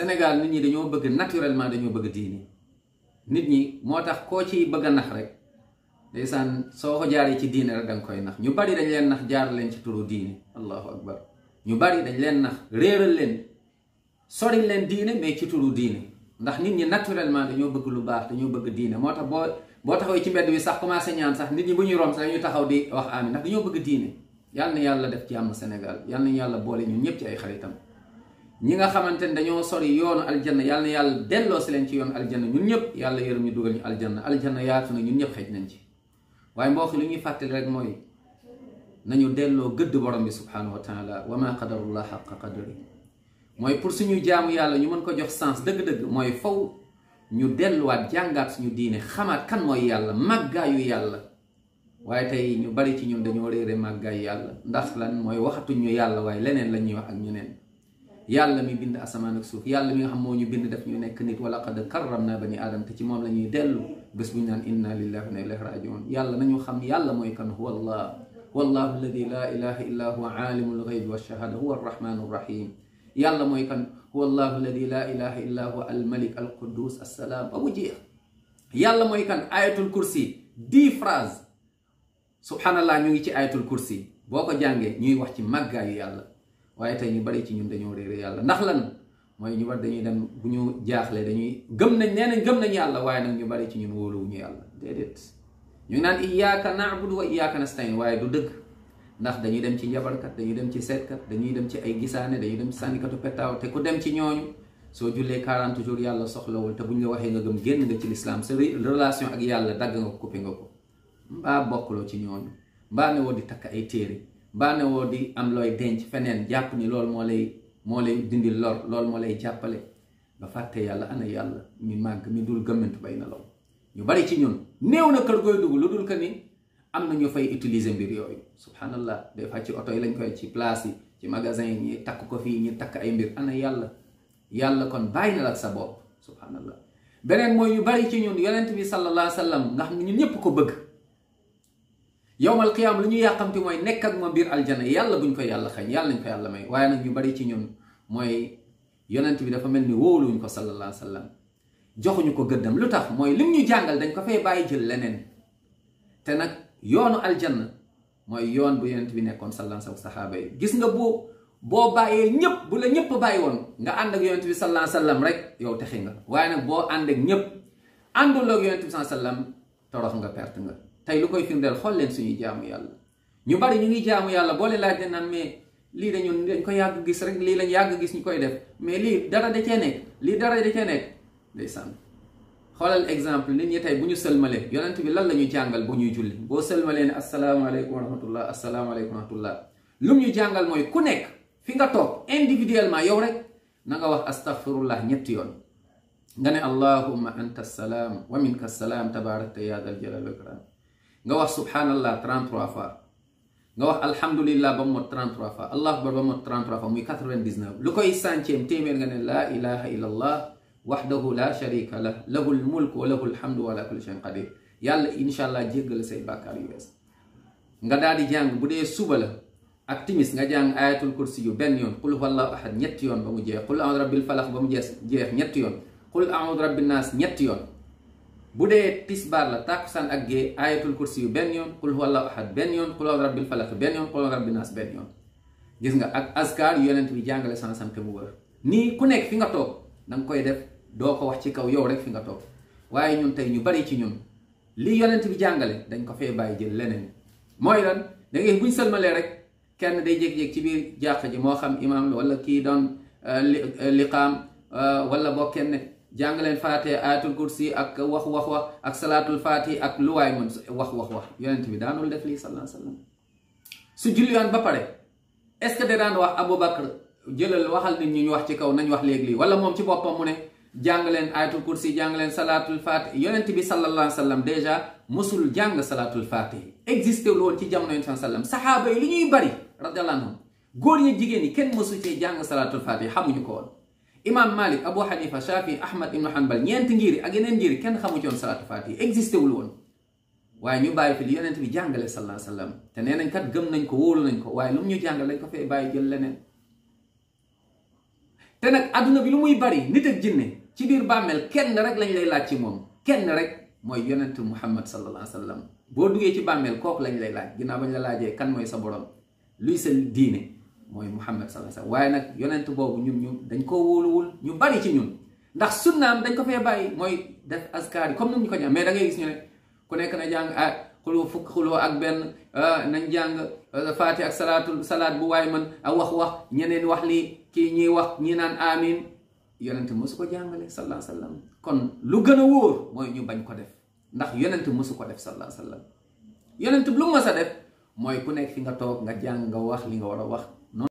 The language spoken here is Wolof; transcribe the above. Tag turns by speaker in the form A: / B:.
A: Sénégal nit ñi dañoo bëgg naturellement dañoo bëgg diine nit ñi moo tax koo ciy bëgg nax rek ndeysaan soo ko jaaree ci diine rek da koy nax ñu bari dañ leen nax jaar leen ci turu diine allahu akbar ñu bari dañ leen nax réeral leen sori leen diine mais ci turu diine ndax nit ñi naturellement dañoo bëgg lu baax dañoo bëgg diine moo tax boo boo taxawee ci mbedd bi sax commencé ñaan sax nit ñi bu ñuy romb sax taxaw di wax amin ndax dañoo bëgg diine yal na yàlla def jàmm Sénégal yal yàlla boole ñun ñëpp ci ay xaritam ñi nga xamante ne dañoo sori yoonu aljanna yàlla yàlla delloo si leen ci yoonu aljanna ñun ñëpp yàlla yërëm ñu dugal ñu aljanna aljanna yaatu na ñun ñëpp xëj nañ ci waaye mbokk li ñuy fàttali rek mooy nañu delloo gëdd borom bi subhanahu wa taala wa ma qadarullah xaqa qadari mooy pour suñu jaamu yàlla ñu mën ko jox sens dëgg-dëgg mooy faw ñu delluwaat jàngaat suñu diine xamaat kan mooy yàlla màggaayu yàlla waaye tey ñu bari ci ñun dañoo réere màggaayu yàlla ndax lan mooy waxatuñ ñu yàlla waaye leneen la ñuy wax ak ñeneen yàlla mi bind asamaan ak suuf yàlla mi nga xam moo ñu bind def ñu nekk nit wala qad karram naa bani aadama te ci moom la ñuy dellu bés bu ñu naan inna lillahi wa inna ilayhi rajiun yàlla nañu xam yàlla mooy kan huwa allah wallahu alladi laa ilaha illa huwa aalimu alxaybi walshahada huwa arrahmanu arrahim yàlla mooy kan huwa allahu alladi laa ilaha illa huwa almalik alquddus assalaam ba mu jeex yàlla mooy kan ayatul kursi dix phrase subhanallah ñu ngi ci ayatul kursi boo ko jàngee ñuy wax ci màggaayu yàlla waaye tey ñu bari ci ñun dañoo réere yàlla ndax lan mooy ñu war dañuy dem bu ñu jaaxle dañuy gëm nañ nee nañ gëm nañ yàlla waaye nag ñu bari ci ñun wóoluwuñu yàlla déedéet ñu ngi naan iyyaka na'budu wa na nasta'in waaye du dëgg ndax dañuy dem ci njabarkat dañuy dem ci seetkat dañuy dem ci ay gisaane dañuy dem sànnikatu pettaaw te ku dem ci ñooñu soo jullee 40 jours yàlla soxlawul te bu ñu la waxee nga gëm génn nga ci lislaam sa relation ak yàlla dagg nga ko coupé nga ko mbaa bokkuloo ci ñooñu mbaa ne di takk ay téere woo di am looy denc feneen jàpp ni lool moo lay moo lay dindi lor loolu moo lay jàppale nga fàtte yàlla ana yàlla mi màgg mi dul gëmmantu bay na law ñu bari ci ñun néew na kër gooy dugg lu dul que ni am na ñu fay utiliser mbir yooyu subhanallah des fois ci oto yi lañ koy ci place yi ci magasin yi ñi takk ko fii ñu takk ay mbir ana yàlla yàlla kon bàyyi na la sa bopp subhanallah beneen mooy ñu bari ci ñun yonent bi sallallahu alayhi wa sallam nga xam ne ñëpp ko bëgg yowmal qiyaam lu ñu yàqamti mooy nekk ak ma biir aljana yàlla buñ ko yàlla xañ yàlla nañ ko yàlla may waaye nag ñu bari ci ñun mooy yonent bi dafa mel ni wóoluwuñ ko sallallahu alayhi joxuñu ko gëddam lu tax mooy lim ñu jàngal dañ ko fay bàyyi jël leneen te nag yoonu aljanna mooy yoon bu yonent bi nekkoon sallallahu alayhi wa yi gis nga boo boo bàyyee ñëpp bu la ñëpp bàyyi woon nga ànd ak yonent bi sallallahu alayhi rek yow texe nga waaye nag boo ànd ak ñëpp ànduloo ak yonent nga perte nga tey lu koy firndeel xool leen suñuy jaamu yàlla ñu bari ñu ngi jaamu yàlla boole laaj de naan mais lii dañu dañ ko yàgg gis rek lii lañ yàgg gis ñu koy def mais lii dara da cee nekk lii dara da cee nekk ndeysaan xoolal exemple nit ñi tey bu ñu sëlmalee yonent bi lan la ñu jàngal bu ñuy julli boo sëlmalee ne asalaamaaleykum wa rahmatullah asalaamaaleykum wa rahmatullah lum ñu jàngal mooy ku nekk fi nga toog individuellement yow rek na nga wax astaghfirullah ñetti yoon nga ne allahumma anta salaam wa minka salaam tabaarakta yaa dal jalal wa ikram nga wax subhanallah 33 fois nga wax alhamdulillah ba mu mot 33 fois allahu akbar ba mu mot 33 fois muy 99 lu koy centième téeméer nga ne laa ilaha illa allah waxdahu la sharika lah lahu lmulk wa lahu lhamdu wa ala kulli shayin qadir yàlla insha allah jéggal say bàkkaar yu wees nga daal di jàng bu dee suba la ak timis nga jàng ayatul kursi yu benn yoon qul huwallahu ahad ñetti yoon ba mu jeex qul a'udhu rabbil falaq ba mu jeex ñetti yoon qul a'udhu rabbin nas ñetti yoon bu dee tisbaar la tàkkusaan ak gée ayatul kursi yu benn yoon qul huwallahu ahad benn yoon qul rabbil falaq benn yoon qul rabbin nas benn yoon gis nga ak askar yu yonent bi jàngale sansam te mu wër nii ku nekk fi nga toog danga koy def doo ko wax ci kaw yow rek fi nga toog waaye ñun tey ñu bari ci ñun li yonent bi jàngale dañ ko fee bàyyi jël leneen mooy lan da ngay buñ sëlmalee rek kenn day jékki-jékki ci biir jàq ji moo xam imaam la wala kii doon eh, eh, liqaam eh, wala boo kenn jàng leen faatee ayatul kursi ak wax wax wax ak salaatul faati ak luwaay waay wax wax wax yonent bi daanul def li sallallahu alayhi wa sallam ba pare est-ce que da daan wax Aboubacar jëlal waxal nit ñu ñu wax ci kaw nañ wax léegi lii wala moom ci boppam mu ne jàng leen ayatul kursi jàng leen salaatul faati yonent bi sallallahu alayhi wa sallam déjà mosul jàng salaatul faat existé wul woon ci jamono yonent sallam saxaaba yi li ñuy bari radiyallahu góor yi jigéen ñi kenn mosu ci jàng salaatul faati xamuñu ko woon. imam malik abu xanifa shafi ahmad ibnu hanbal ñeenti ngiri ak yeneen ngiri kenn xamu ci woon salaatu faati existé wul woon waaye ñu bàyyi fi li yonent bi jàngale sallallahu alayhi te nee nañ kat gëm nañ ko wóolu nañ ko waaye lu mu ñu jàngal lañ ko fee bàyyi jël leneen te nag adduna bi lu muy bari nit ak jinne ci biir bàmmeel kenn rek lañ lay laaj ci moom kenn rek mooy yonent muhammad sallallahu alayhi wasallam boo duggee ci bàmmeel kooku lañ lay laaj ginnaaw bañ la laajee kan mooy sa borom luy sa diine mooy Muhammad sallallahu alayhi wasallam waaye nag yonent boobu ñun ñu dañ koo wóoluwul ñu bari ci ñun ndax sunnaam dañ ko fee bàyyi mooy def askar comme ni ñu ko ñaan mais gis ñu ku nekk na jàng ah xuloo fukk xuloo ak benn ah, nañ jàng ah, faati ak salaatul salaat bu waaye man a ah, wax wax ñeneen wax lii kii ñiy wax ñi naan amin yonent mosu ko jàngale sallallahu alayhi wasallam kon lu gën a wóor mooy ñu bañ ko def ndax yonent mosu ko def sallallahu alayhi wasallam yonent lu mas a mooy ku nekk fi nga toog nga jàng nga wax li nga war a wax